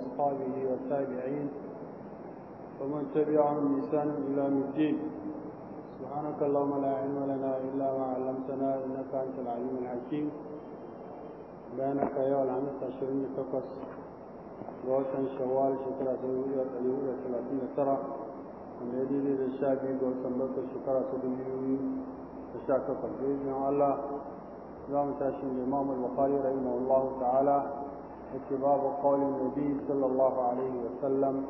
وأصحابه والتابعين ومن تبعهم لسان إلى يوم الدين سبحانك اللهم لا علم لنا إلا ما علمتنا إنك أنت العليم الحكيم بينك يا العمد عشرين تقص غوثا شوال شكرا اليهود ثلاثين ترى يديد للشعبي غوثا بك شكرا سبيل تشاك قبل الله زام تاشم الإمام البخاري رحمه الله تعالى اتباب قول النبي صلى الله عليه وسلم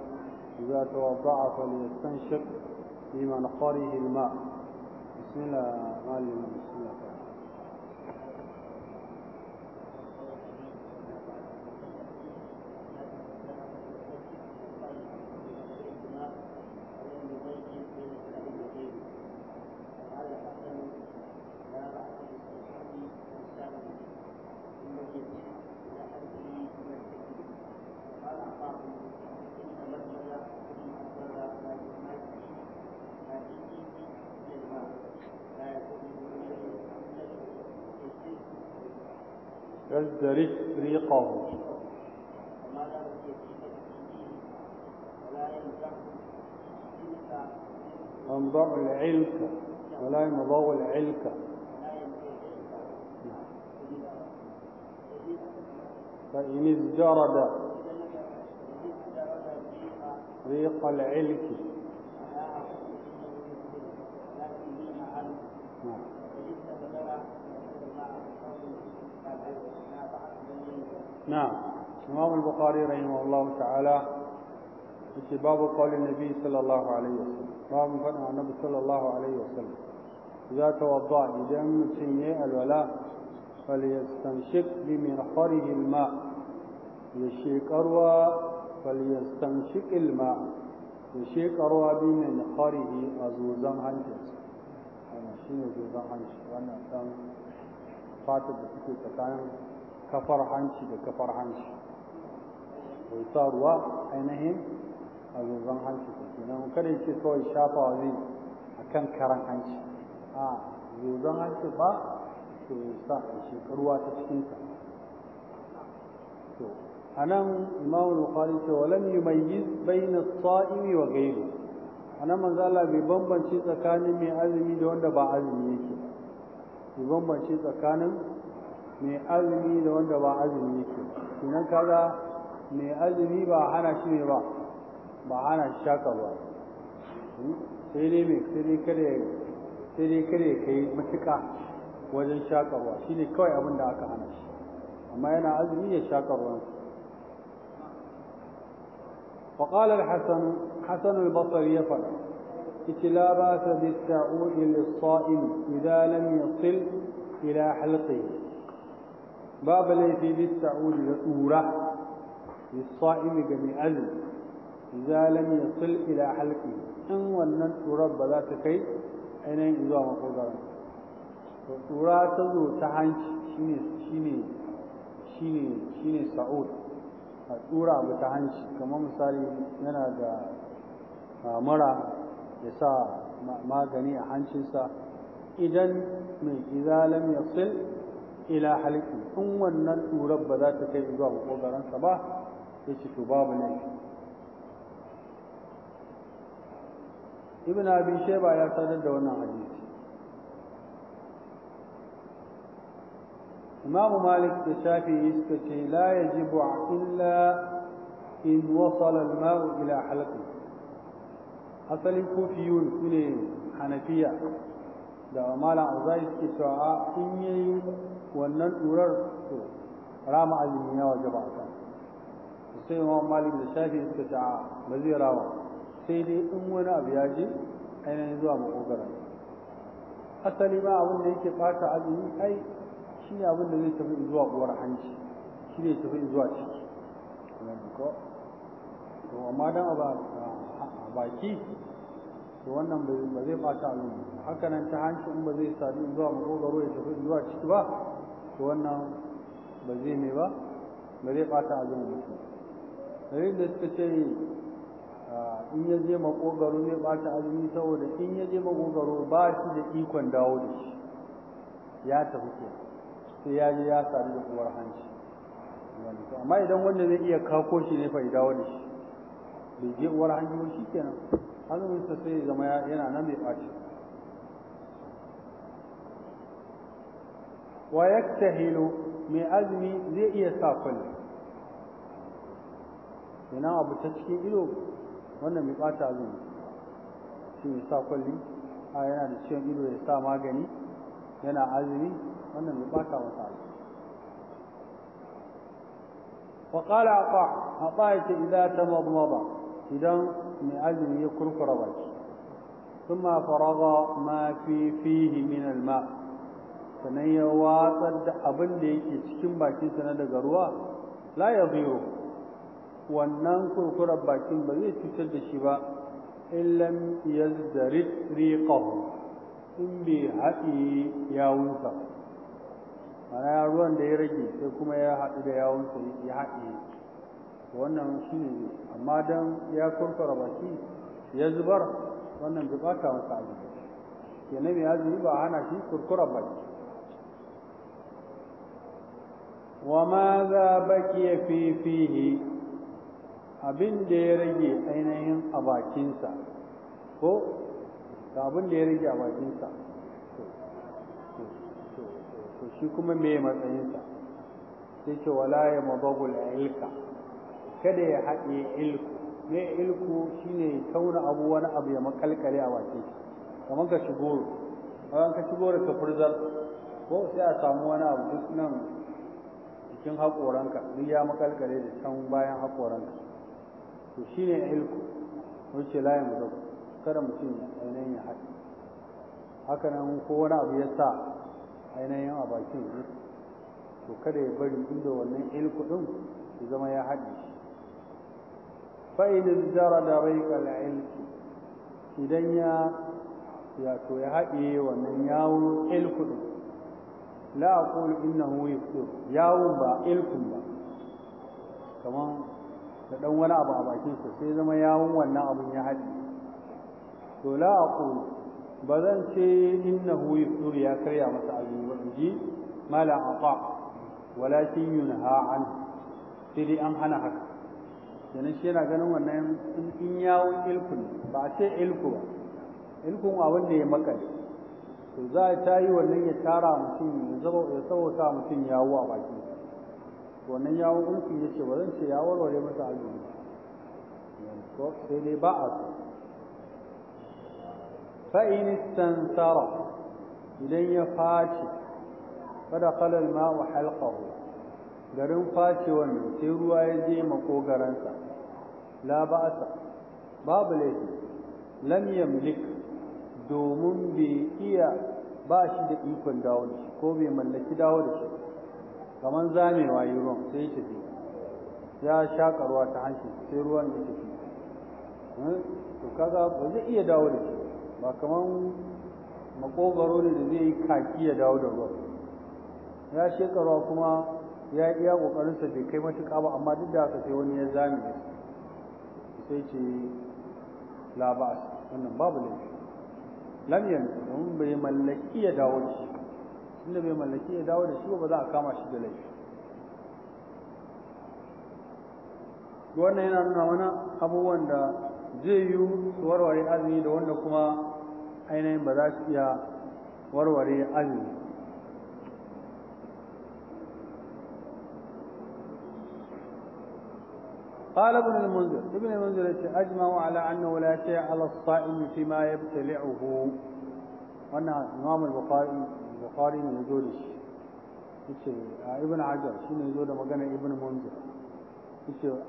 إذا توضع فليستنشق لمنقره الماء بسم الله الرحمن الرحيم ترفرقه أنضع العلك ولا ينضع العلك فإن ازدرد ريق العلك نعم الإمام البخاري رحمه الله تعالى في باب قول النبي صلى الله عليه وسلم باب فتح النبي صلى الله عليه وسلم إذا توضع بدم سيء الولاء فليستنشق بمنخره الماء يشيك أروى فليستنشق الماء يشيك أروى بمنخره أزوزم هنجز أنا شيء أزوزم هنجز وأنا أتم فاتت بسكي تتعلم kafar hanci da kafar hanci bai sa ruwa ainihin a zozon hanci ta kenan kada ce kawai shafawa zai a kan karan hanci a zozon hanci ba to ya sa a shekaruwa ta cikinsa to a nan imamu bukhari ce wa lam yumayyiz bayna sa'imi wa ghayri anan manzo Allah bai bambance tsakanin mai azumi da wanda ba azumi yake bai bambance tsakanin mai azumi da wanda ba azumi yake kenan kaga mai azumi ba hana shi ne ba ba hana shi shaka ba sai dai mai sai dai kare sai dai kare kai mutuka wajen shaka ba shi ne kawai abin da aka hana shi amma yana azumi ya shaka ruwan فقال الحسن حسن البصري يفعل لا باس بالتعود للصائم اذا لم يصل الى حلقه babu laifi bitta'uli da tsura lissa'imi ga mai azumi idza ya yasil ila halki, in wannan tsurar ba za ta kai ainihin zuwa makogaro to tsura ta zo ta hanci shine shine shine shine sa'ud a tsura abu ta hanci kamar misali yana da mara ya sa magani a hancinsa idan mai idza ya yasil ila halki in wannan turar ba za ta kai zuwa makogaransa ba ya ce to babu ne ibn abi shayba ya sanar da wannan hadisi imamu malik da shafi suka ce la yajibu illa in wasala mau ila halqi asalin kufiyun sune hanafiya da malam azai suke cewa in yayi wannan ɗurar to rama azumi ya waje ba kan sai ma malik da shafi suka ce a ba zai rama sai dai in wani abu ya je ainihin zuwa makogara asali ma abin da yake fata azumi ai shi ne abin da zai tafi in zuwa uwar hanci shi ne tafi in zuwa ciki to amma dan a baki to wannan ba zai fata azumi haka nan ta hanci in ba zai sadu zuwa makogaro ya tafi zuwa ciki ba ko wannan ba zai ne ba ba zai fata abin da shi sai da suka ce in ya je makogaro zai a azumi saboda in ya je makogaro ba shi da ikon dawo da shi ya tafi ke sai ya je ya sadu da kuwar hanci amma idan wanda zai iya kako shi ne fa dawo da shi bai je uwar hanci ba shi kenan hannun sa sai zama yana nan mai fata ويكتهل من أزمي زي يساقل هنا أبو تشكي إلو وانا مقاطع لهم شو يساقل لي آه، هنا الشيء إلو يسا ما جني هنا أزمي وانا مقاطع وصال فقال أطاع أطاعت إذا تمضمض إذا من أزمي يكرك رباك ثم فرغ ما في فيه من الماء sannan ya watsar da abin da yake cikin bakinsa na daga ruwa la ya biyo wannan kurkurar bakin ba zai cutar da shi ba illam yazdarid riqahu in bai haɗi yawunsa mana ruwan da ya rage sai kuma ya haɗu da yawunsa ya haɗi wannan shi ne amma don ya kurkura baki ya zubar wannan bai ɓata masa abin kenan ya zubi ba hana shi kurkura baki وماذا بكي في فيه abin da ya rage ainihin a bakinsa ko da abin da ya rage a bakinsa to shi kuma me matsayinsa sai ce wala ya mabagul ilka kada ya haɗe ilku me ilku shine tauna abu wani abu ya makalkale a baki kamar ka shigoro bayan ka shigoro ka furzar ko sai a samu wani abu duk nan cikin haƙoranka duk ya makalkale da can bayan haƙoranka to shi ne ilku wuce layin da kada mutum ainihin ya haɗe haka nan ko wani abu ya sa ainihin a bakin to kada ya bari inda wannan ilku ɗin ya zama ya haɗe shi fa'idin jara da raikal ilki idan ya ya to ya haɗe wannan yawon ilku ɗin la aqulu innahu yaftur yawun ba ilkun ba kaman da dan wani abu a bakin sa sai zama yawun wannan abun ya haɗi to la aqulu ba zan ce innahu yaftur ya karya masa azumi ba inji mala aqa walakin yunha an sai dai an hana haka kenan shi yana ganin wannan in yawun ilkun ba a ce ilku ba ilkun abin da ya makale to za ta yi wannan ya tara mutum ya zabo ya sauka mutum ya wuwa baki to wannan wuwa ulki yace ba zan ce ya warware masa azumi to sai ne ba a fa in istansara idan ya faci kada qalal ma'u halqahu garin faci wannan sai ruwa ya je makogaransa la ba'asa babu laifi lam yamlik domin bai iya ba shi da ikon dawo da shi ko bai mallaki dawo da shi kamar zamewa yi ruwan sai ya tafi ya shaƙa ruwa ta hanci sai ruwan ya tafi hmm? to kaga ba zai iya dawo da shi ba kamar makogaro ne da zai yi kaki ya dawo da ruwan ya shaƙa ruwa kuma ya yi iya ƙoƙarinsa bai kai matuƙa ba amma duk da haka sai wani ya zame sai ce la wannan babu laifi lam yanzu bai mallaki ya dawo da shi tunda bai mallaki ya dawo da shi ba za a kama shi da laifi wannan yana nuna mana abubuwan da zai yi su warware azumi da wanda kuma ainihin ba za su iya warware azumi قال ابن المنذر ابن المنذر أجمع على أنه لا شيء على الصائم فيما يبتلعه وأن إمام البخاري البخاري من يزول ابن حجر شنو يزول مجانا ابن منذر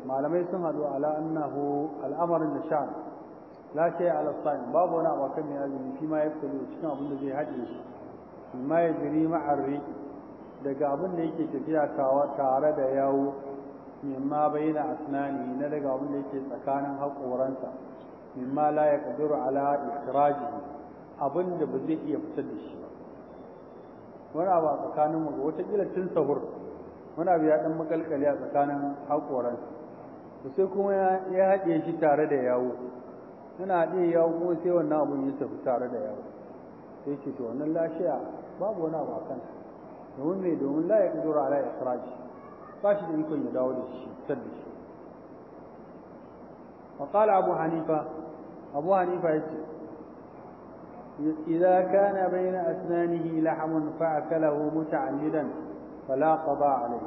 malamai sun hadu ala annahu da sha la shay ala sa'in babu wani abu kan ya ya fito cikin abin zai shi ma ya daga abin da yake tafiya tare da yawo mimma bayna asnani na daga wanda yake tsakanin haƙoransa mimma la yaqdiru ala ikhrajihi abinda ba zai iya fitar da shi ba wani abu a tsakanin mu wata kila tun sahur wani abu ya dan makalkali a tsakanin haƙoransa to sai kuma ya haɗe shi tare da yawo yana haɗe yawo kuma sai wannan abun ya tafi tare da yawo sai ce to wannan lashiya babu wani abu a kansa domin me domin la yaqdiru ala ikhrajihi باشي دي da يداو ya dawo da وقال أبو حنيفة أبو حنيفة إذا كان بين أسنانه لحم فأكله متعمدا فلا قضاء عليه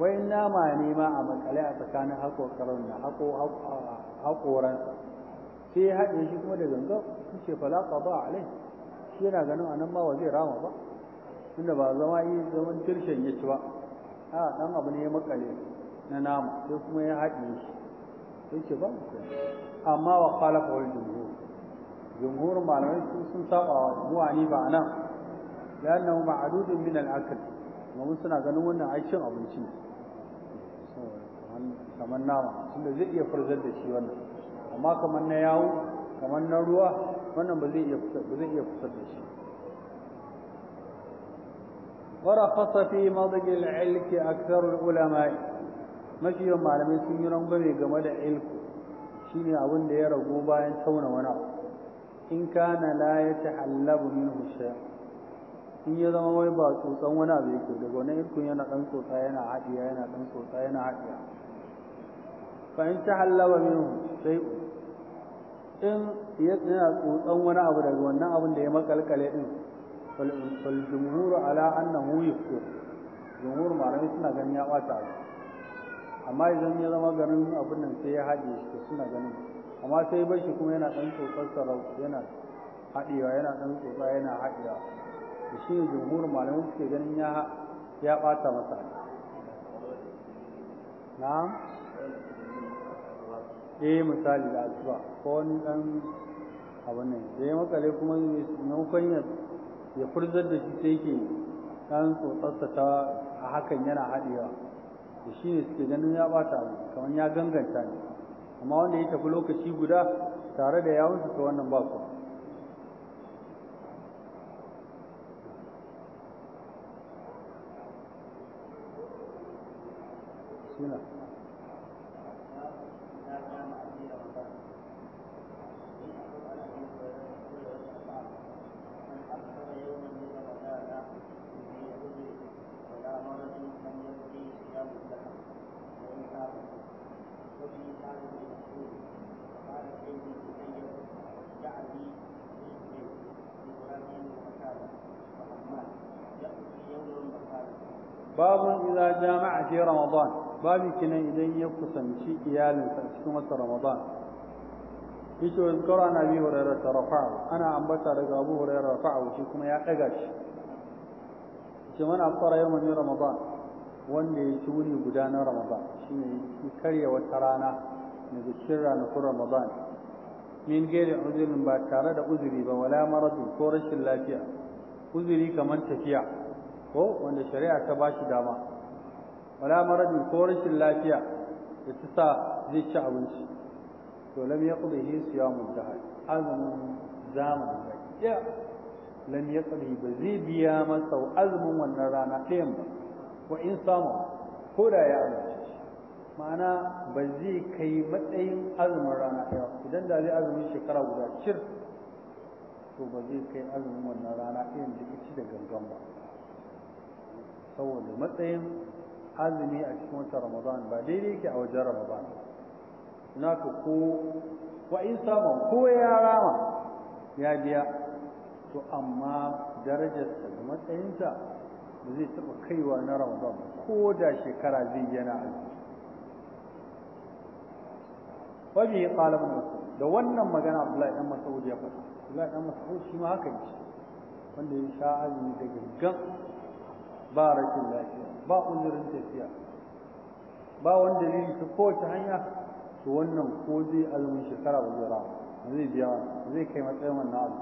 وإنما نيما يعني أمك عليه أتكان حقو كرنا حقو حقو رن في هذا شي كما لغنقو كشي فلا قضاء عليه شي انا غنو أنا ما وزير راما با ان با زما اي زمن ترشن يتوا a dan abu ne ya makale na nama sai kuma ya haɗe shi sai ce ba amma wa khalafa wal jumhur jumhur malamai sun sun saba wa muwani ba nan lannahu ma'dudun min al-akl mun suna ganin wannan ai cin abinci kamar nama tunda zai iya farzar da shi wannan amma kamar na yawo kamar na ruwa wannan ba zai iya ba zai iya fusar da shi ورخص في مضج العلك أكثر العلماء mafi yawan malamai sun yi rangwame game da ilku shine abin da ya ragu bayan tauna wani abu in kana la ya tahallabu minhu shay'un in ya zama wai ba tsotsan wani abu yake daga wani irkun yana tsotsa yana haɗiya yana tsotsa yana haɗiya fa in ta sai in yana wani abu daga wannan da ya makalkale din fal jumhur ala annahu yuftur jumhur malamai suna ganin ya bata amma idan ya zama ganin abin nan sai ya haɗe shi suna ganin amma sai bar shi kuma yana dan tsotsar sarau yana haɗewa yana dan tsotsa yana haɗewa to shi jumhur malamin suke ganin ya ya bata masa Na eh misali da asuba ko wani dan abin nan sai makale kuma naukan ya ya furzar da shi sai yake kan so tsatsata a hakan yana haɗewa da shi ne suke ganin ya ɓata abu kamar ya ganganta ne amma wanda ya tafi lokaci guda tare da yawunsa ta wannan ba su ramadan babu kinan idan ya kusanci iyalinsa a cikin wata ramadan yake wa zikar ana bi hurairar ta rafa'u ana ambata daga abu hurairar rafa'u shi kuma ya ɗaga shi ce mana afkara yau mani ramadan wanda ya ci wuri guda na ramadan shine ne karya wata rana na zikin ranakun ramadan min gairi uzurin ba tare da uzuri ba wala maradin ko rashin lafiya uzuri kamar tafiya ko wanda shari'a ta bashi dama wala maradin ko rashin lafiya da ta sa zai ci abinci to lam yaqdihi siyamu dahar azumin zamanin ya lam yaqdi ba zai biya masa azumin wannan rana ta ba wa in samu ko da ya amince shi ma'ana ba zai kai matsayin azumin rana ta ɗaya idan da zai azumin shekara guda cir to ba zai kai azumin wannan rana ta ɗayan da ci da gangan ba saboda matsayin azumi a cikin wata ramadan ba daidai yake a wajen ramadan na ka ko wa in samu ko ya rama ya biya to amma darajarsa da matsayinsa ba zai taɓa kaiwa na ramadan ko da shekara zai yana azumi wajen yi ibn mas'ud da wannan magana Abdullahi dan Mas'ud ya faɗa Abdullahi dan Mas'ud shi ma haka ne wanda ya sha azumi da gangan ba rashin lafiya ba uzurin tafiya ba wani dalili ta kowace hanya to wannan ko zai azumin shekara ba zai biya zai kai matsayin wannan abu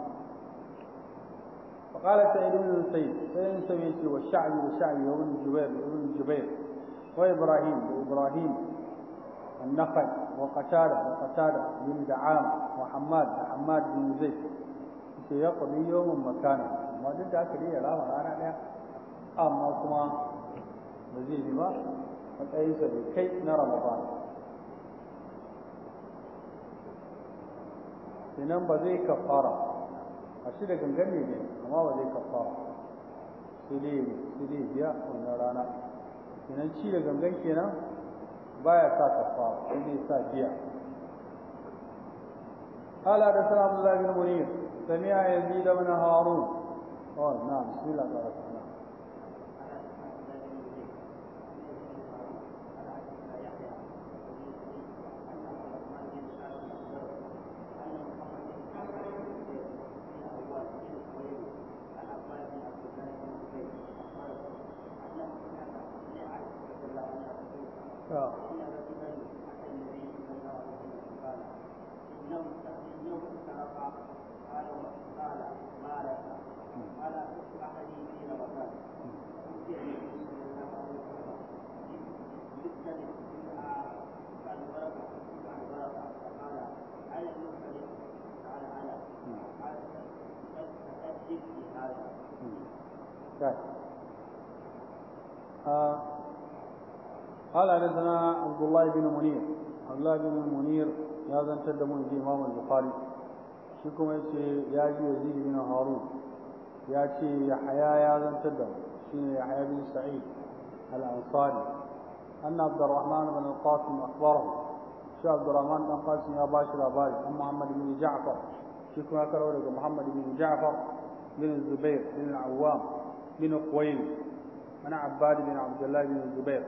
فقال سعيد بن سعيد سعيد سميت والشعبي والشعبي وابن جبير وابن جبير وابراهيم وابراهيم النخل وقتادة وقتادة بن دعام وحماد حماد بن زيد يقضي يوم مكانه ما جد ذاك ليه لا ما انا اما كما هذه ما قد أيزل كي نرى مضان سنم بذي كفارة أشيدة كم جميلين وما بذي كفارة سليم سليم يا ونرانا سنم شيدة كم جميلين بايا تا كفارة سليم سا جيا قال عبد السلام الله بن منير سمع يزيد بن هارون قال نعم بسم الله الرحمن الرحيم طيب. آه، قال حدثنا عبد الله بن منير عبد الله بن منير يا ذا في امام البخاري شكم يتي يا يزيد بن هارون يا تي يحيى يا ذا انتد شنو يحيى بن سعيد الانصاري ان عبد الرحمن بن القاسم اخبره شو عبد الرحمن بن القاسم يا باشر اباري محمد بن جعفر شكم يا محمد بن جعفر بن الزبير بن العوام بن قويل من عباد بن عبد الله بن الزبير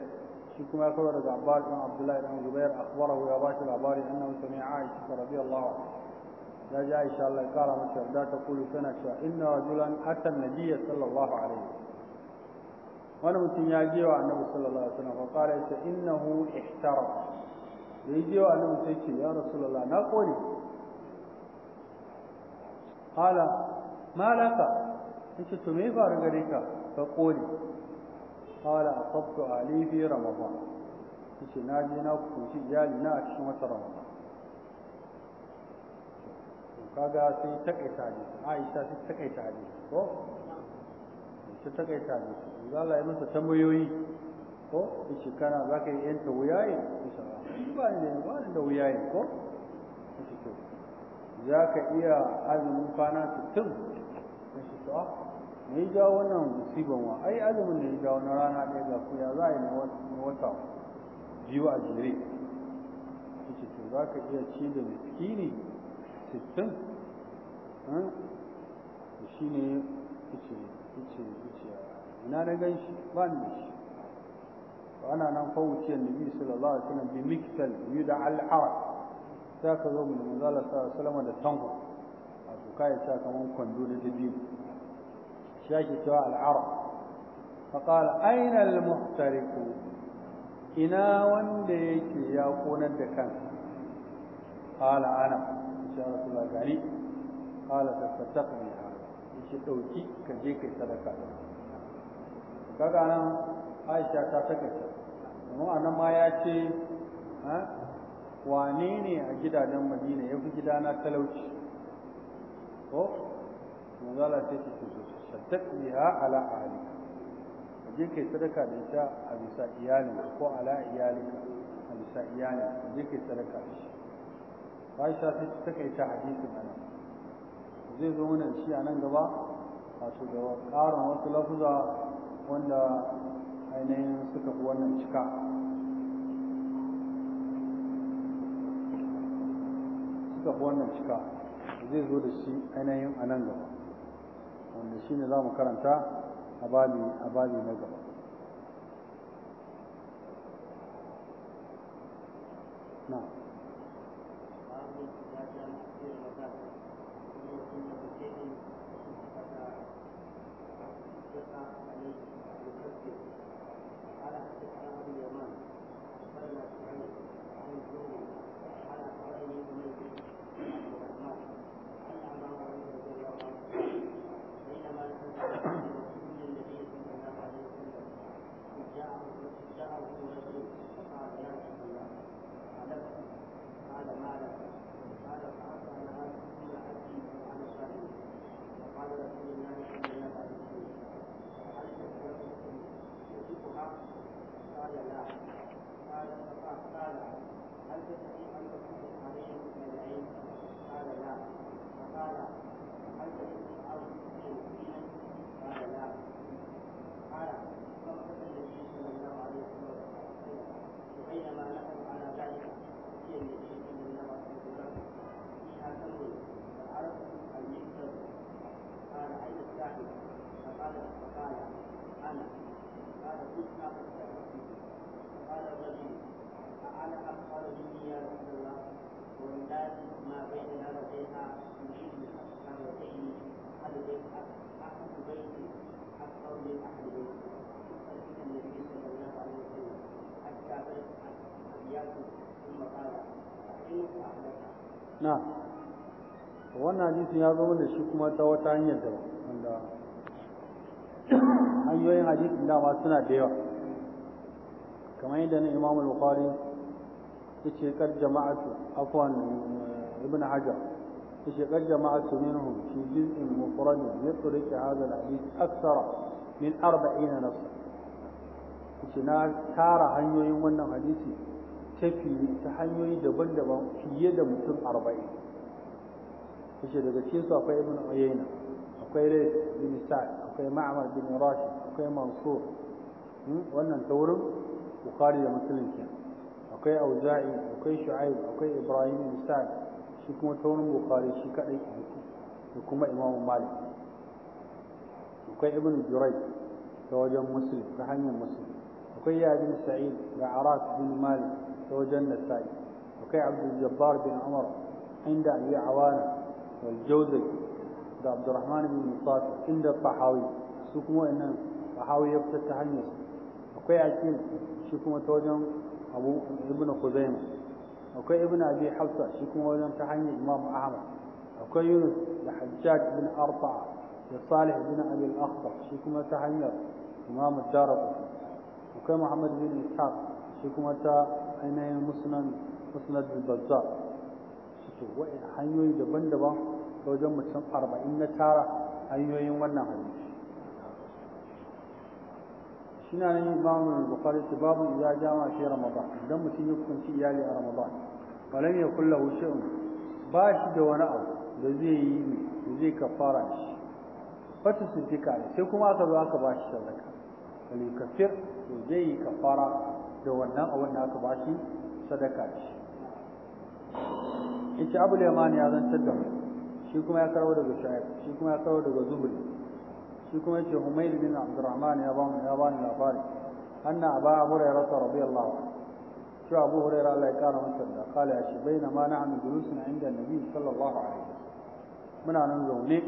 شكما يقول عباد بن عبد الله بن الزبير أخبره يا باشا العباري أنه سمع عائشة رضي الله عنه لا جاء إن شاء الله قال من شاء تقول سنة شاء إن رجلا أتى النبي صلى الله عليه وسلم وأنا mutum ya je wa annabi sallallahu alaihi wasallam fa ya ce innahu ihtara ya je wa annabi malaka ce to me faru gare ka fa qoli a asabtu ali fi ramadan yace na je na kuci iyali na a cikin wata ramadan kaga sai takaita hadisi Aisha sai takaita ne ko sai takaita ne za Allah yi masa tambayoyi ko yace kana ka yi yanta wuyaye insha Allah ba ne ba ni da wuyaye ko za ka iya azumin kwana 60 sai shi to me ya jawo wannan musiban wa ai azumin da ya jawo na rana ɗaya ga ku ya za a yi na wata biyu a jere yace to za ka iya ci da miskini sittin hmm? shi ne yace yace yace ina na gan shi ba ni da shi ana nan fa fawuci annabi sallallahu alaihi wasallam bi miktal biyu da arab Za ka zo mu manzala sallallahu alaihi wasallam da tango hauka ya sa kaman kwando da dabi shi ake cewa al'arab fa qala aina al-muhtariq ina wanda yake ya konar da kansa qala ana insha Allah gani qala ya shi dauki ka je kai sadaka kaga nan Aisha ta takaita amma anan ma ya ce ha wane ne a gidajen Madina ya fi gidana talauci ko manzala sai ce to saddaq biha ala ahli je kai sadaka da ita a bisa iyali ko ala iyali a bisa iyali je kai sadaka da shi Aisha sai ta kai ta hadisin ana zai zo wannan shi a nan gaba wato da ƙarin wasu lafuza wanda ainihin suka fi wannan cika suka fi wannan cika zai zo da shi ainihin a nan gaba wanda shi ne za mu karanta a babi na gaba na wannan hadisin ya zama da shi kuma ta wata hanyar da wanda hanyoyin hadisin dama suna da yawa kamar yadda na imam al-bukhari ya ce kar jama'atu afwan ibn hajar ya ce kar jama'atu minhum fi juz'in mufradin yutriki hadha al-hadith akthara min 40 nafsa ya ce na tara hanyoyin wannan hadisi tafi ta hanyoyi daban-daban fiye da mutum 40 kace daga cikin su akwai ibn uyayna akwai rais bin sa'd akwai ma'mar bin rashid akwai mansur wannan taurin bukhari da muslim ke akwai auza'i akwai shu'aib akwai ibrahim bin sa'd shi kuma taurin bukhari shi kadai da kuma imam malik akwai ibn jurayj ta wajen muslim ta hanyar muslim akwai ya bin sa'id da araf bin malik وجنة الثاني وكي عبد الجبار بن عمر عند أبي عوانة والجوزي عبد الرحمن بن مصاد عند الطحاوي سكمو إن الطحاوي يبقى التحنيس وكي عجل شكمو توجن أبو ابن خزيمة وكي ابن أبي حفصة شكمو وجن تحني إمام أحمد وكي يونس لحجاج بن أرطع لصالح بن أبي الأخضر شكمو تحنيس إمام الدار وكي محمد بن إسحاق شكمو تحنيس ainihin musnan musnad al-bazzar to wa'in hanyoyi daban-daban ta wajen mutum arba'in na tara hanyoyin wannan hadisi shi na nan imamu bukhari ta babu ya jama shi ramadan idan mutum ya kusanci iyali a ramadan walam ya kulla shay'un ba shi da wani abu da zai yi da zai ka fara shi fata su sai kuma aka zo aka ba shi sadaka kafir to zai yi ka fara? da wannan a wanda aka bashi sadaka ce ita abu yaman ya zantar da mu shi kuma ya karawo daga shayar shi kuma ya karawo daga zuhri shi kuma yace humayr bin abdurrahman ya bamu ya bani labari anna aba hurairah radiyallahu anhu cewa abu hurairah Allah ya kara masa da kala ya ce baina ma na na'am julusun inda nabi sallallahu alaihi wasallam muna nan zaune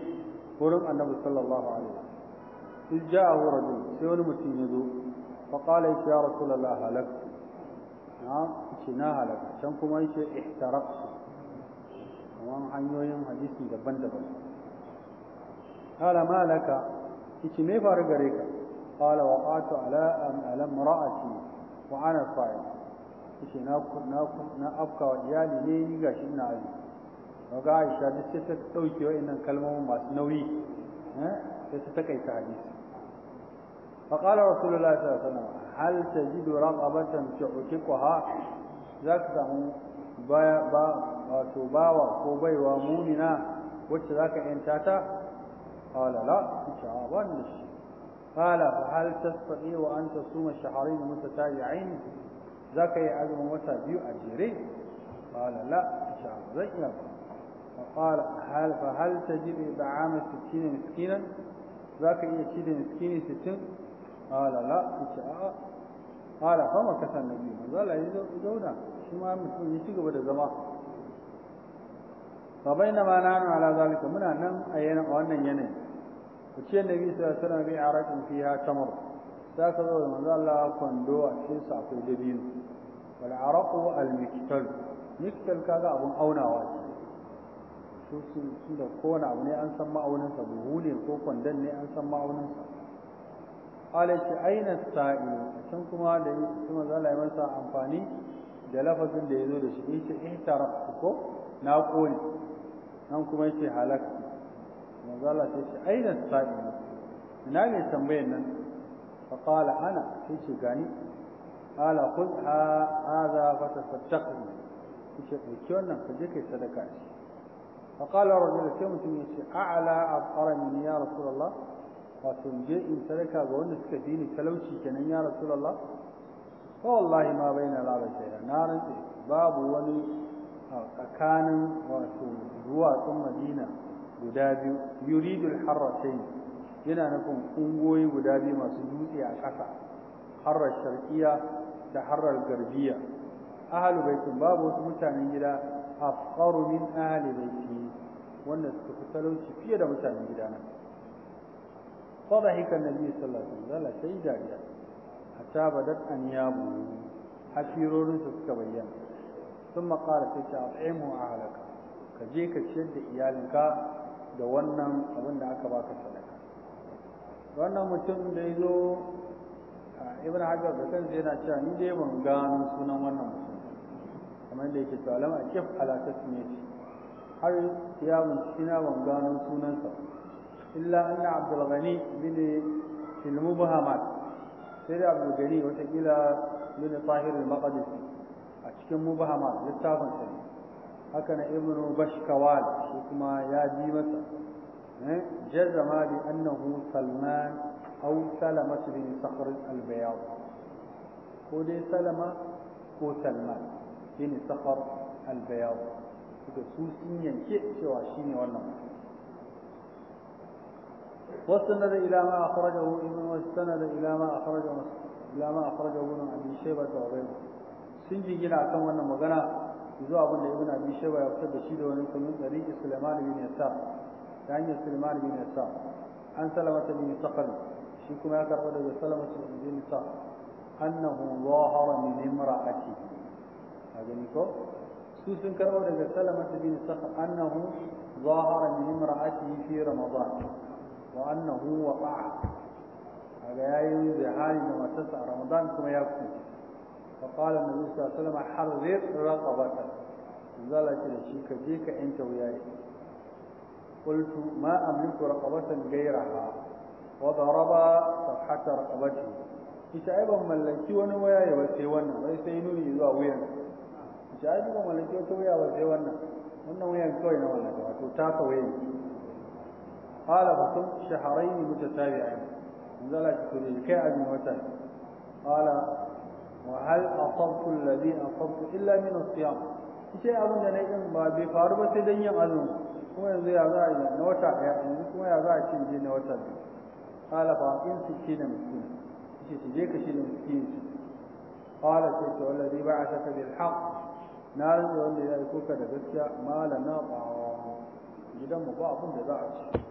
wurin annabi sallallahu alaihi wasallam in ja'ahu rajul sai wani mutum ya zo فقال يا رسول الله هلك نعم شنا هلك شن كما يشي احترق تمام حنيوين حديثي دبن دبن قال ما لك كي مي فارغريك قال وقعت على ام على امراتي وانا صائم kishi na na na afka wajali ne yi gashi ina aji daga aisha duk sai ta dauke wayannan kalmomin masu nauyi eh sai ta kai ta hadisi فقال رسول الله صلى الله عليه وسلم هل تجد رغبة تعتقها ذاك سامو بايا با wato bawa ko baiwa mumina wacce zaka yanta ta qala la insha wannan shi qala fa hal tastati wa an tasuma shahrayn mutatabi'ain zaka yi azumin wata biyu a jere qala la iya qala hal fa hal 60 miskinan zaka iya ci da 60 qala la yace a qala fa ma kasan nabi manzo Allah ya zauna shi ma mutum ya ci gaba da zama fa ma nanu ala zalika muna nan a yana a wannan yanayi ku ce nabi sallallahu alaihi wasallam bi araqin fiha tamar sa ka zo da manzo Allah kwando a cikin sa akwai dabino wal araqu al miktal miktal kaga abun aunawa su su da kowane abu ne an san ma'aunin sa buhu ne ko kwandon ne an san ma'aunin sa قال يتي أين السائل kuma كما دي ثم زال يمسا amfani da lafazin da ya zo da shi yace ihtaraftu ko na koli nan kuma yace halaktu manzo Allah sai ce aina sa'i ina ne tambayar nan fa qala ana sai ce gani qala khudha hadha fa tasaddaqni yace dauki wannan ka je kai sadaka shi fa qala rajul sai mutum yace a'la abqara min ya rasulullah wato je in sadaka ga wanda suka fi ni talauci kenan ya rasulullah ko wallahi ma baina la bashaira na rantsi babu wani tsakanin wato tun madina guda biyu yuridul harratain yana nufin kungoyi guda biyu masu dutse a ƙasa harrar sharqiya da harrar garbiya ahlu baitin babu wasu mutanen gida afqaru min ahli baiti wanda suka fi talauci fiye da mutanen gidana فضحك النبي صلى الله عليه وسلم لا شيء داريا حتى بدت أنيابه حفيرون سسك بيان ثم قال سيك أطعمه أهلك كجيك الشد إيالك دوانا أبن أكباك سلك وانا متن ديزو ibn hajar da kansa yana cewa ni dai ban gano sunan wannan mutum kamar da yake to alama kif ala tasmiyati har ya mun ina ban gano sunansa illa anna abdul ghani bin fil mubhamat sai da abdul ghani wata kila bin tahir a cikin mubhamat ya sa haka na ibnu bashkawal shi kuma ya ji masa jazama bi annahu salman aw salama bin sakhr al bayad ko dai salama ko Salma bin sakhr al bayad suka su sun yanke cewa shine wannan واستند الى ما اخرجه ابن واستند الى ما اخرجه الى ما اخرجه ابن ابي شيبه وغيره sun jingina kan wannan magana zuwa abin da ibn abi shaiba da shi da wani kunun tsari sulaiman bin yasa ta yasa an salamata bin saqal shi kuma ya karɓa daga salamata bin yasa annahu zahara min imra'ati a gani ko su sun karɓa daga salamata bin saqal annahu zahara min imra'ati fi ramadan huwa annahu waqa'a kaga yayi hali da matarsa a Ramadan kuma ya kuce fa qala annabi sallallahu alaihi wasallam harzir raqabata zala ce da shi ka je ka yanta wuyaye qultu ma amliku raqabatan ghayraha wa daraba safhata raqabati ita ai ban mallaki wani waya ya sai wannan sai sai nuni zuwa wuyan ita ai ban mallaki wata waya ya sai wannan wannan wayan kawai na mallaka wato ta wayan qala fa shahrayn mutatabi'ain zala kulli kai abin wata qala wa hal asabtu alladhi asabtu illa min as-siyam sai abin da nayi din ba bai faru ba sai dan yin azumi kuma yanzu ya za a wata daya yanzu kuma ya za cin je wata biyu qala in sikina shi sai na wanda ya yi da gaskiya malana ba ba abin da za ci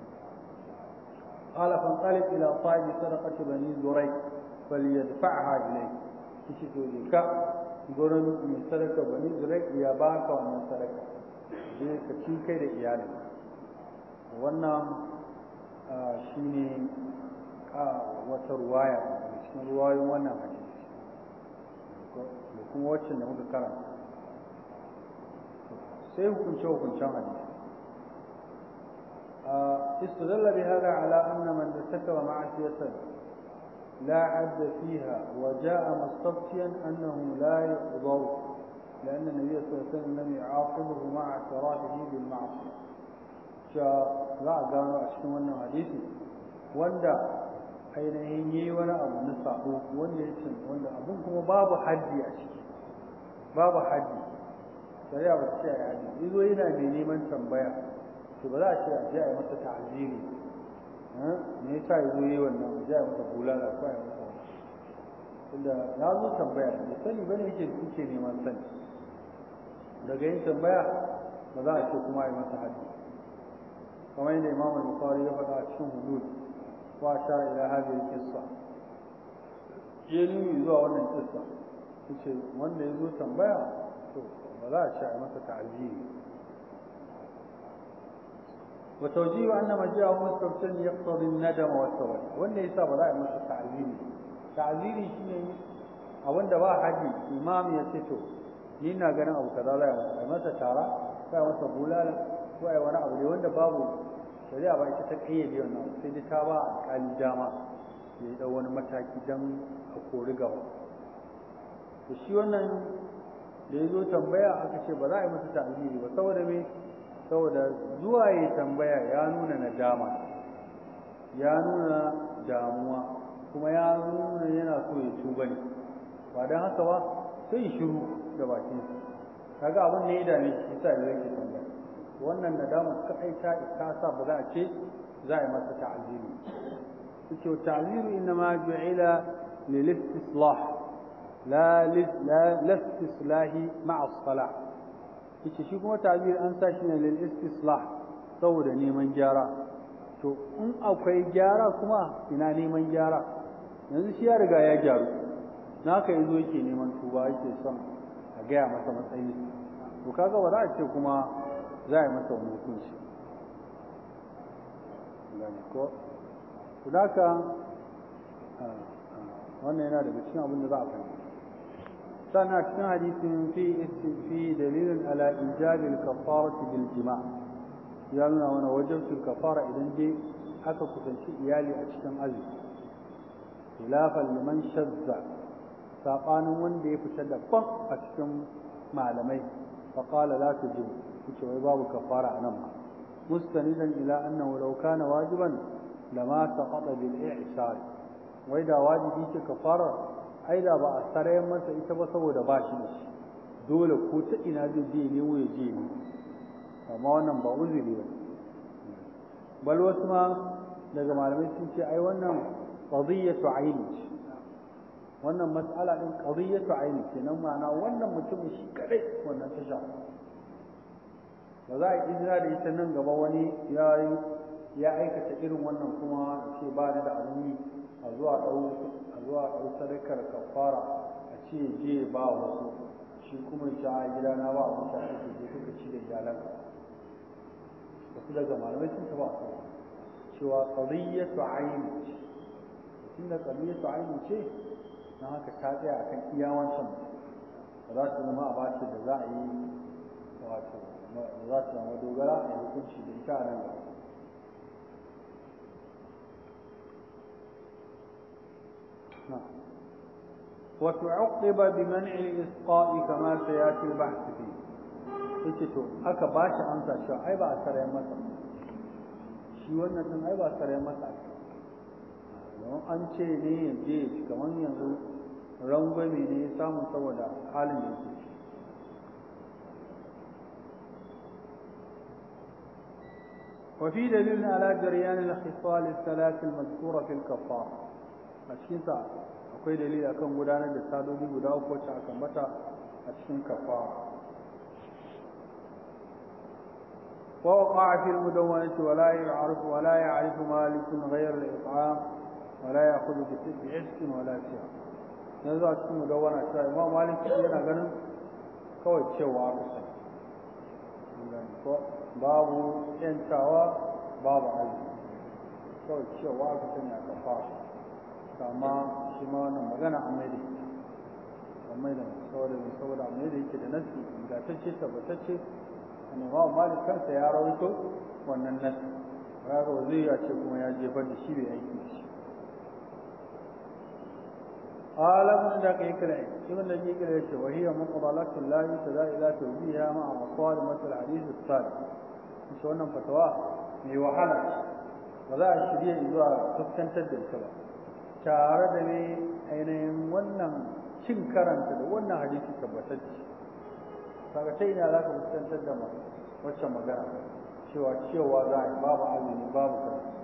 قال فانطلق إلى صاحب صدقة بني زريق فليدفعها إليك kishi to ka gurin mai sadaka bani ya baka wannan sadaka je ka ci kai da iyalin wannan shine wata cikin ruwayoyin wannan hadisi da kuma wacce da sai آه، استدل بهذا على أن من ارتكب مع عشيته لا عد فيها وجاء مستبشيا أنه لا يقضر لأن النبي صلى الله عليه وسلم يعاقبه مع اعترافه بالمعصية شاء لا قال أشكو أنه حديث وندا أين هي وأنا أبو نصابه وندا اسم وندا أبوك وباب حد يعشي باب حدي. فيا بس يا عدي يعني. إذا هنا بني من تنبيه to ba za a ce a ji a yi masa ta'aziri eh? me yasa ya zo yi wannan a ji a yi masa bulala ko a yi masa tunda na zo tambaya da sani bane yake kuke neman sani daga yin tambaya ba za a ce kuma a yi masa haddi kamar yadda imam al-bukhari ya faɗa a cikin hudud wa sha ila hadhihi qissa ya nuni zuwa wannan qissa yace wanda ya zo tambaya to ba za a ce a yi masa ta'aziri wa tawjihu anna majaa mustaqbil yaqtadi an-nadam wa tawalli wannan yasa ba za a yi masa ta'ziri ta'ziri shine wanda ba haji imam ya ce to ni na ganin abu kaza a yi masa tara za a yi masa bulala ko a yi wani abu ne wanda babu shari'a ba ita ta kayyade wannan sai dai ta ba alƙali dama ya yi wani mataki don a kori gaba to shi wannan da ya zo tambaya aka ce ba za a yi masa ta'ziri ba saboda me saboda zuwa yi tambaya ya nuna nadama ya nuna damuwa kuma ya nuna yana so ya tuba ne ba don haka ba sai shiru da bakin kaga abin da ya dame shi yasa ya zai tambaya wannan nadama kadai ta ta sa ba za a ce za a yi masa ta'aziri suke ta'aziri inna ma ju'ila lil istislah la la istislah ma'a salah yace shi kuma ta'bir an sa shi ne lil istislah saboda neman gyara to in akwai gyara kuma ina neman gyara yanzu shi ya riga ya gyaru ka yanzu yake neman tuba yake son a gaya masa matsayi to kaga ba za a ce kuma za a yi masa wani hukunci ko ah, ah, wannan yana daga cikin abin da za a fahimta sannan cikin hadisin fi fi dalilin ala ijabil kafarati bil jima' ya nuna wani wajibcin kafara idan dai aka kusanci iyali a cikin azumi khilafan liman shazza sabanin wanda ya fita da kwan a cikin malamai fa qala la tujib kuce wai babu kafara anan ma mustanidan ila annahu law kana wajiban lama saqata bil i'sar wai da wajibi ce kafara Aida ba a sarayen masa ita ba saboda ba shi da dole ko ta ina zai je ne ya je ne amma wannan ba uzuri ba bal wasu ma daga malamai sun ce ai wannan qadiyatu aini wannan mas'ala din qadiyatu aini kenan ma'ana wannan mutumin shi kadai wannan ta sha ba za a izina da ita nan gaba wani ya ya aikata irin wannan kuma ce ba ni da abin a zuwa ɗau zuwa ɗau sadakar kafara a ce je ba wasu shi kuma ce a gida na ba wasu ta ake je da ci da iyalanka wasu daga malamai sun taɓa su cewa qadiyatu aini ce tunda qadiyatu aini ce na haka ta tsaya akan iyawancin wancan za su zama a bace da za a yi wato za su zama dogara a hukunci da ita a nan gaba وتعقب بمنع الإسقاء كما سيأتي البحث فيه ستتو هكا باشا أنت شو عيبا أثر يا مطا شو أنت عيبا أثر يا مطا لو أنتي لي جيج كمان ينظر رنبا مني سامو سودا حال جيج وفي دليل على جريان الخصال الثلاث المذكورة في الكفارة a cikinsa akwai dalili kan gudanar da sadodi guda uku wacce aka mata a cikin kafawa ووقع في المدونة ولا يعرف ولا يعرف مالك غير الإطعام ولا يأخذ بعشق ولا سعر yanzu a cikin mudawwana cewa ma malik yana ganin kawai cewa kusa babu yantawa babu aiki kawai cewa kusa ne a kafa kama shi ma wannan magana a mai da a mai da saboda saboda a mai da yake da nasi ingantacce tabbatacce annabawa malik kansa ya rawaito wannan nasi raro zai ya ce kuma ya jefar da shi bai aiki da shi alamun da ka yi kira ibn da ke kira yace wa hiya muqabalatun la yusada ila tawbiha ma'a masalimat al-hadith as-salih shi wannan fatawa mai wahala ba za a shirye zuwa fuskantar da ita ba tare da ne ainihin wannan cin karanta da wannan hadisi tabbatacce kaga ta ina za ka fuskantar da wacce magana cewa cewa za a babu azumi babu karatu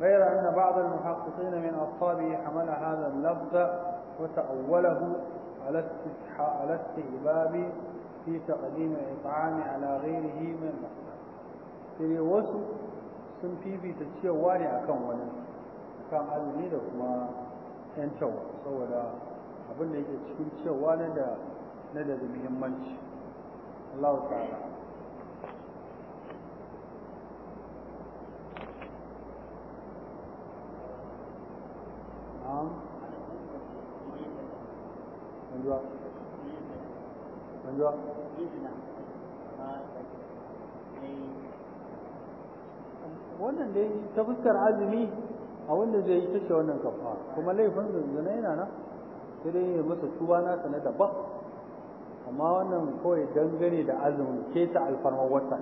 غير أن بعض المحققين من أصحابه حمل هذا اللفظ وتأوله على على استهباب في تقديم الإطعام على غيره من المحتاج. في وسو sun fifita cewa ne akan wani kan azumi da kuma yan cewa saboda abin da yake cikin cewa na da na da muhimmanci Allah ta'ala am Banjuwa Banjuwa wannan dai ta fuskar azumi a wanda zai yi kashe wannan kafa kuma laifin zunzuna yana na, sai dai ya masa tuba na sana daban amma wannan kawai dangane da azumin keta alfarmar wata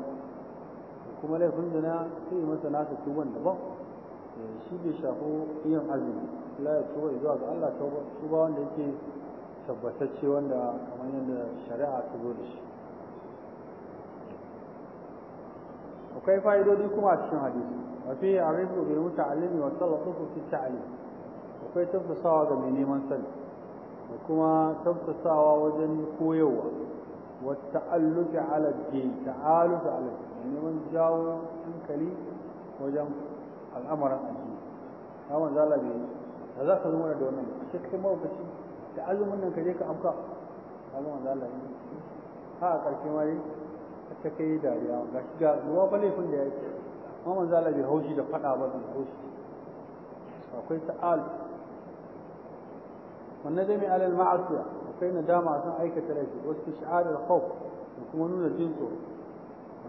kuma laifin zina sai yi masa nasa tuban daban eh, shi bai shafo yin azumi la ya tuba zuwa ga Allah tuba wanda yake tabbatacce wanda kamar yadda shari'a ta zo da shi akwai fa'idodi kuma a cikin hadisi wafi a rizu bai wuta alimi wa tsallatuku fi ta'alim akwai tafsasawa ga mai neman sani da kuma tafsasawa wajen koyarwa wa ta'alluki ala din ta'alluki ala neman jawo hankali wajen al'amarin addini ya wanzu Allah da za ka zama da wannan a cikin mawukaci da azumin nan ka je ka afka ya wanzu Allah ha a ma dai ta kai da ya kuma manzo Allah bai haushi da fada ba bai haushi akwai ta'al wannan dai mai alal ma'asiya akwai nadama san aikata laifi wasu shi'ar al da kuma nuna jin tsoro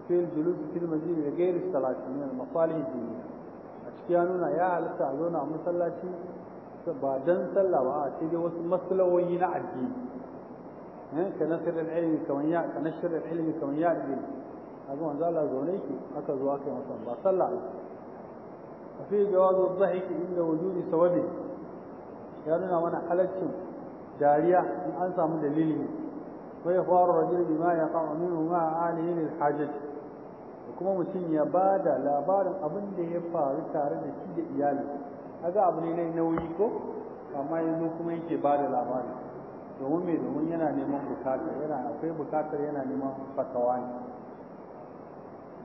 akwai julus fil masjid da gairi salati min al-masalih diniya a ciki ya nuna ya halitta a zauna a masallaci ba dan sallah ba a sai dai wasu maslahohi na addini كنشر العلم كمن يأتي a zuwan zala zaune ki aka zuwa kai masan ba sallah a fi jawazu dhahiki inda wujudi sababi ya nuna mana halaccin dariya in an samu dalili ne wa yafaru rajul bima yaqa'u minhu a alihi lil hajati kuma mutum ya ba da labarin abin da ya faru tare da shi da iyali kaga abu ne na nauyi ko amma yanzu kuma yake ba da labari domin me domin yana neman bukatar yana akwai bukatar yana neman fatawa ne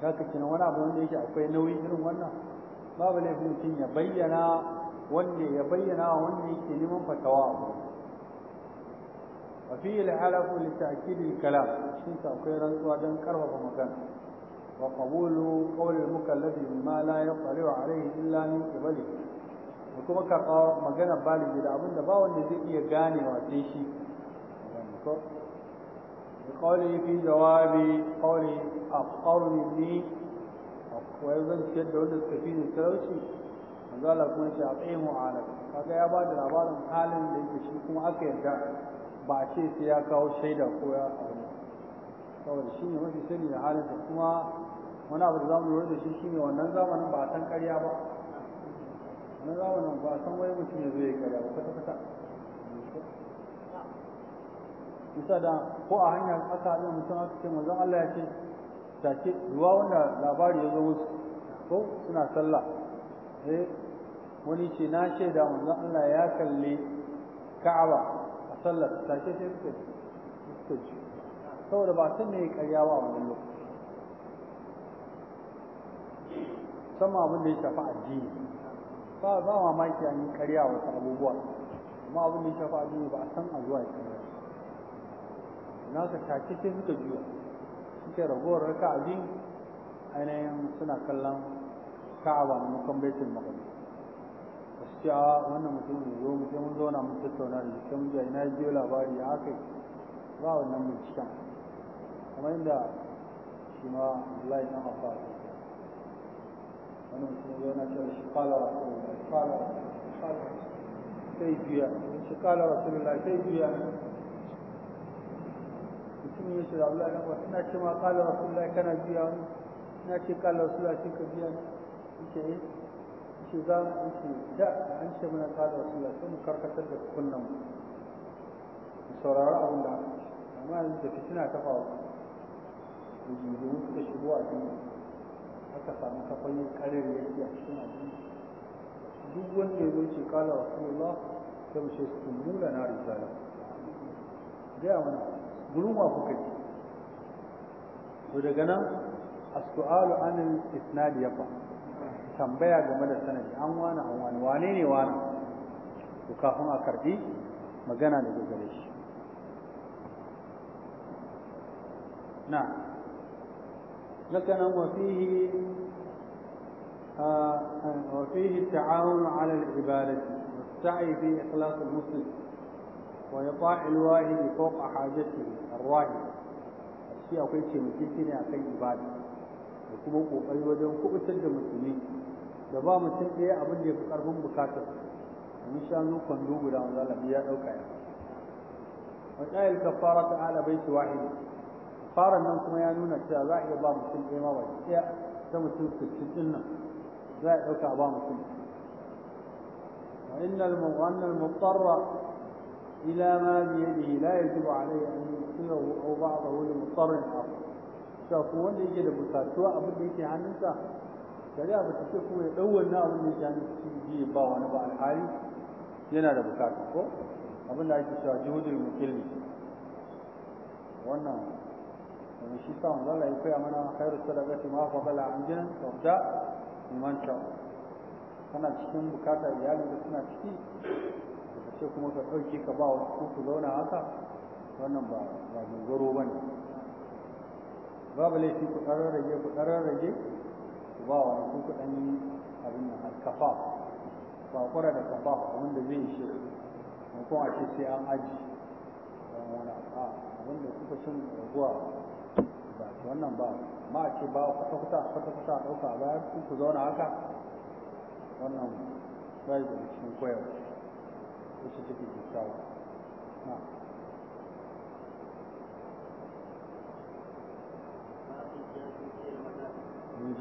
haka kina wani abu wanda yake akwai nauyi irin wannan babu laifin mutum ya bayyana wanda ya bayyana wanda yake neman fatawa wa fi al-halafu li ta'kid al-kalam shi ta akwai rantsuwa don karfafa magana wa qabulu qawl al-mukallaf ma la yaqalu alayhi illa min qibali da kuma karɓa magana baligi da abinda ba wanda zai iya ganewa sai shi ko قوله في جواب قوله aqarni ni akwai zan ciyar da wanda suka fi ni talauci manzo Allah kuma ce aqimu ala kaga ya ba da labarin halin da yake shi kuma aka yarda ba a ce sai ya kawo shaida ko ya abu saboda shi ne mafi sani da halin da kuma wani abu da za mu lura da shi shine wannan zamanin ba a san karya ba wannan zamanin ba a san wani mutum ya zo ya karya ba kwata kwata bisa da ko a hanyar aka haɗu mutum aka ce manzon Allah ya ce take ruwa wanda labari ya zo musu ko suna sallah eh wani ce na ce da manzon Allah ya kalli Ka'aba a sallar take sai suka suka ji saboda ba san me karya ba a wannan lokaci sama abin da ya shafa addini ba ba maki an yi karya wasu abubuwa amma abin da ya shafa addini ba a san a zuwa ya karya ka take sai suka juya suke ragowar raka'a biyu ainihin suna kallon ka'aba maimakon baitul maqdis gaskiya wannan mutum ne zo mutum mun zauna mun tattauna da shi mun na yi biyo labari ya haka ba wannan binciken kamar inda shi ma Abdullahi dan Abbas wannan mutum zo na cewa shi kala rasulullahi kala rasulullahi sai juya shi kala rasulullahi sai biya mutum ya ce da Abdullahi na Abbas ina ce ma kala wasu rasulullahi kana biya wani ina ce qala rasulullahi sai ka biya yake eh ce za mu yake da an ce mana qala rasulullahi sai mu karkatar da kunnan mu saurara abin da amma yanzu da fitina ta faru da jinjiru suka shigo a cikin aka samu kafayin karin yake a cikin abin duk wanda ya zo kala wasu rasulullahi sai mu ce sun mula na risala gaya mana ظلوم أفكت ودقنا السؤال عن الإثناد يبا تنبيع جمال السنة أموان أموان وانين وانا وكافم أكردي مقنا لجزليش نعم لكن وفيه آه، وفيه التعاون على العبادة والسعي في إخلاص المسلم وإطاع الواهب فوق حاجته الراهب الشيء أقول شيء A أكي إبادة وكما قوي وجن كبتر المسلمين da ba mutum ɗaya abin da ya fi ƙarfin bukatar mun sha nukon dubu da wanzu ya ɗauka ya wata yal kafara ta ala bai su wahidi kafaran nan kuma ya nuna cewa za a iya ba mutum ɗaya ma baki ta mutum nan za a ɗauka ba wa إلى ما بيده لا يجب عليه أن يعطيه أو بعضه لمضطر آخر شافوا اللي يجي عنك kuma ya ɗau wannan abin ya shi ji ba ya koya mana khairu sadaqati cikin iyalin da suna ciki sai kuma ka ɗauke ka ba wasu ku zauna haka wannan ba ba dogaro ba ne babu laifi ku ɗarar rage ku ɗarar rage ku ba wa ku ku ɗan abin nan kafa. ba kura da kafa abin da zai shi ku kuma a ce sai an aji don wani a abin da kuka sun raguwa ba wannan ba ma a ce ba kwata-kwata kwata-kwata ɗauka bayan ku ku zauna haka wannan ba yi da cikin koyarwa wacce take kyakkyawa من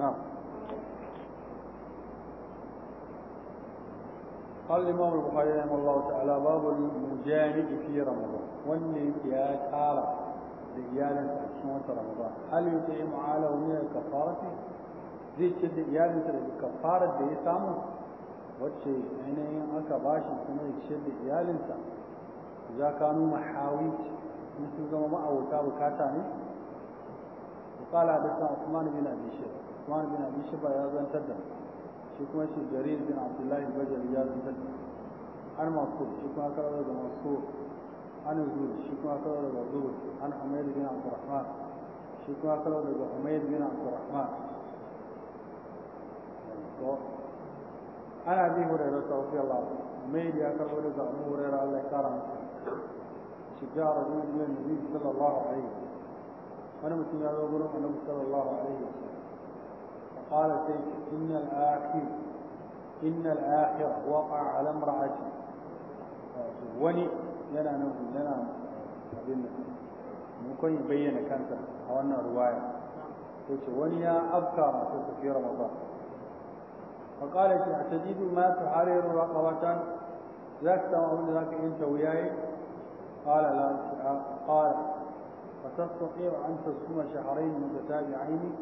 نعم قال الإمام البخاري رحمه الله تعالى باب المجاهد في رمضان واللي يا تارة رجالا عشرون رمضان هل يطعم على من الكفارة زي ce da iyalinsa da kafarar da ya samu wacce ainihin aka bashi kuma ya ciyar da iyalinsa za ka nu mahawi sun zama عثمان بن ابي شيخ usman bin abi shiba ya zantar da shi kuma shi jarir bin abdullahi bajar ya zantar da an masu shi kuma karar da masu an zuwa shi kuma karar da zuwa an humayr bin abdurrahman shi kuma karar da humayr bin abdurrahman ana bi hurairah sallallahu alaihi wasallam mai ya karbo daga abu hurairah Allah ya kara masa shiga rajulun min nabi sallallahu alaihi wasallam wani mutum ya zo gurin annabi sallallahu alaihi wasallam قال سيد إن الاخر إن الاخر وقع على امرأتي ولي لنا نقول لنا أبينا ممكن يبين كانت أو أن الرواية ولي أبكى في رمضان فقال تجد ما تحرر رقبة ذاك تمام ذاك أنت وياي قال لا قال فتستطيع أن تصوم شهرين متتابعين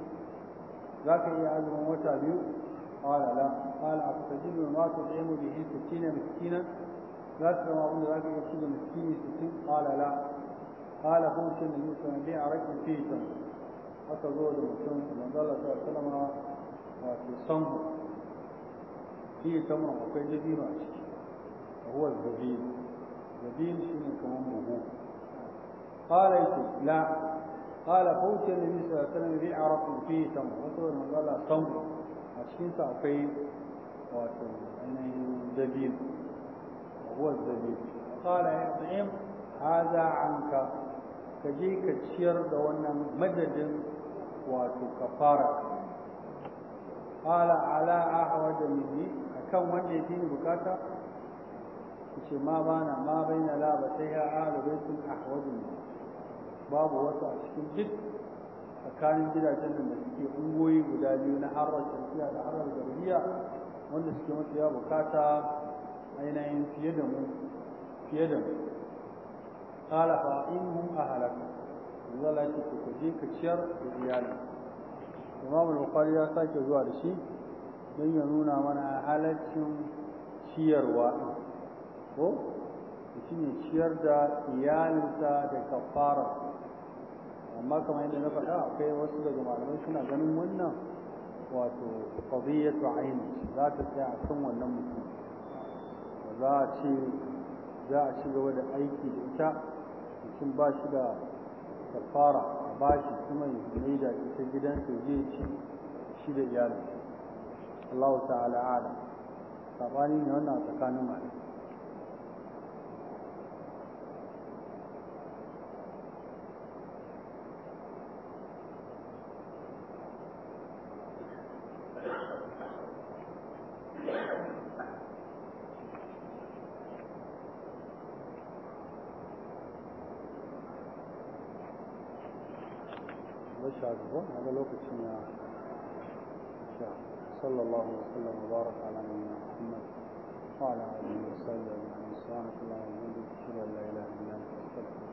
ذاك يا عزم موسى بيو قال لا قال أفتجل ما تطعم به ستين مسكينا ذاك ما أقول ذاك يا سيد مسكين ستين قال لا قال هم سن يوسى نبي عليكم فيهم حتى زوج المسلم من ظل صلى الله عليه وسلم في صمه في صمه وفي جديد وهو الزبين الزبين شنو كمان مهو قال لا قال فوت النبي صلى الله عليه وسلم بعرق فيه تمر wato manzo Allah tamr a cikin sa akwai wato ainihin zabil huwa zabil qala ya'im hadha anka kaje ka ciyar da wannan madadin wato kafara qala ala ahwaj minni akan wanda yake bukata yace ma bana ma baina la basaiha ahlu babu wasu a cikin duk tsakanin gidajen nan da suke ungoyi guda biyu na harar tafiya da harar garbiya wanda suke mutu ya bukata ainihin fiye da mu fiye da mu kala fa in a halaka zala ce ku je ka ciyar da iyali imam al-bukhari ya sake zuwa da shi don ya nuna mana halaccin ciyarwa ko shi ne ciyar da iyalinsa da kafarar amma kamar yadda na faɗa akwai wasu daga malamai suna ganin wannan wato qadiyatu aini za ta tsaya a kan wannan mutum za a ce za a ci gaba da aiki da ita mutum ba shi da kafara a ba shi kuma ya da ita gidansa zai ci shi da iyalin Allah ta'ala ala ne wannan tsakanin malamai ko a ga lokacin ya sha sallallahu wasallam wa baraka ala nabiyina muhammad wa ala alihi wa sallam wa sallallahu alaihi wa sallam la ilaha illa anta astaghfiruka